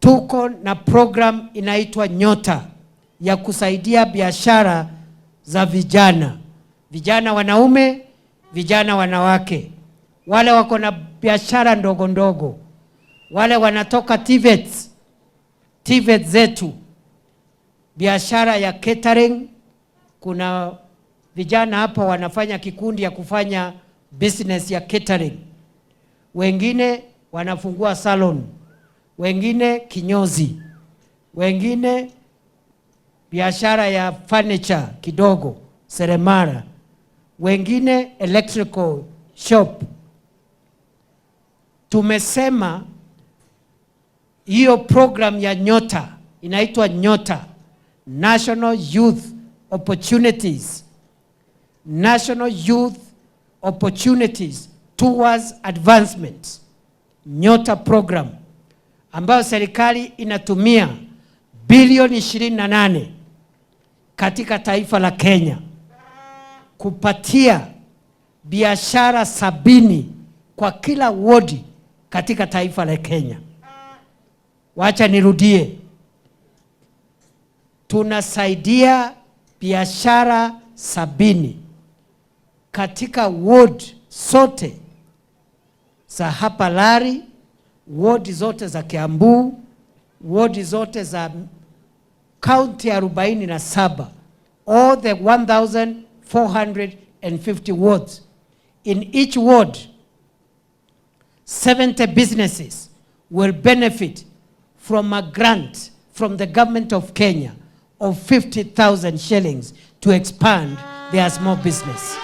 tuko na program inaitwa Nyota ya kusaidia biashara za vijana, vijana wanaume, vijana wanawake, wale wako na biashara ndogo ndogo, wale wanatoka TVETs, TVET zetu, biashara ya catering. Kuna vijana hapa wanafanya kikundi ya kufanya business ya catering, wengine wanafungua salon wengine kinyozi, wengine biashara ya furniture kidogo, seremara, wengine electrical shop. Tumesema hiyo program ya Nyota inaitwa Nyota, National Youth Opportunities, National Youth Opportunities Towards Advancement, Nyota program ambayo serikali inatumia bilioni 28 katika taifa la Kenya kupatia biashara sabini kwa kila wodi katika taifa la Kenya. Wacha nirudie, tunasaidia biashara sabini katika wodi sote za hapa Lari wodi zote za Kiambu, wodi zote za kaunti arobaini na saba, all the 1450 wards. In each ward 70 businesses will benefit from a grant from the government of Kenya of 50,000 shillings to expand their small business.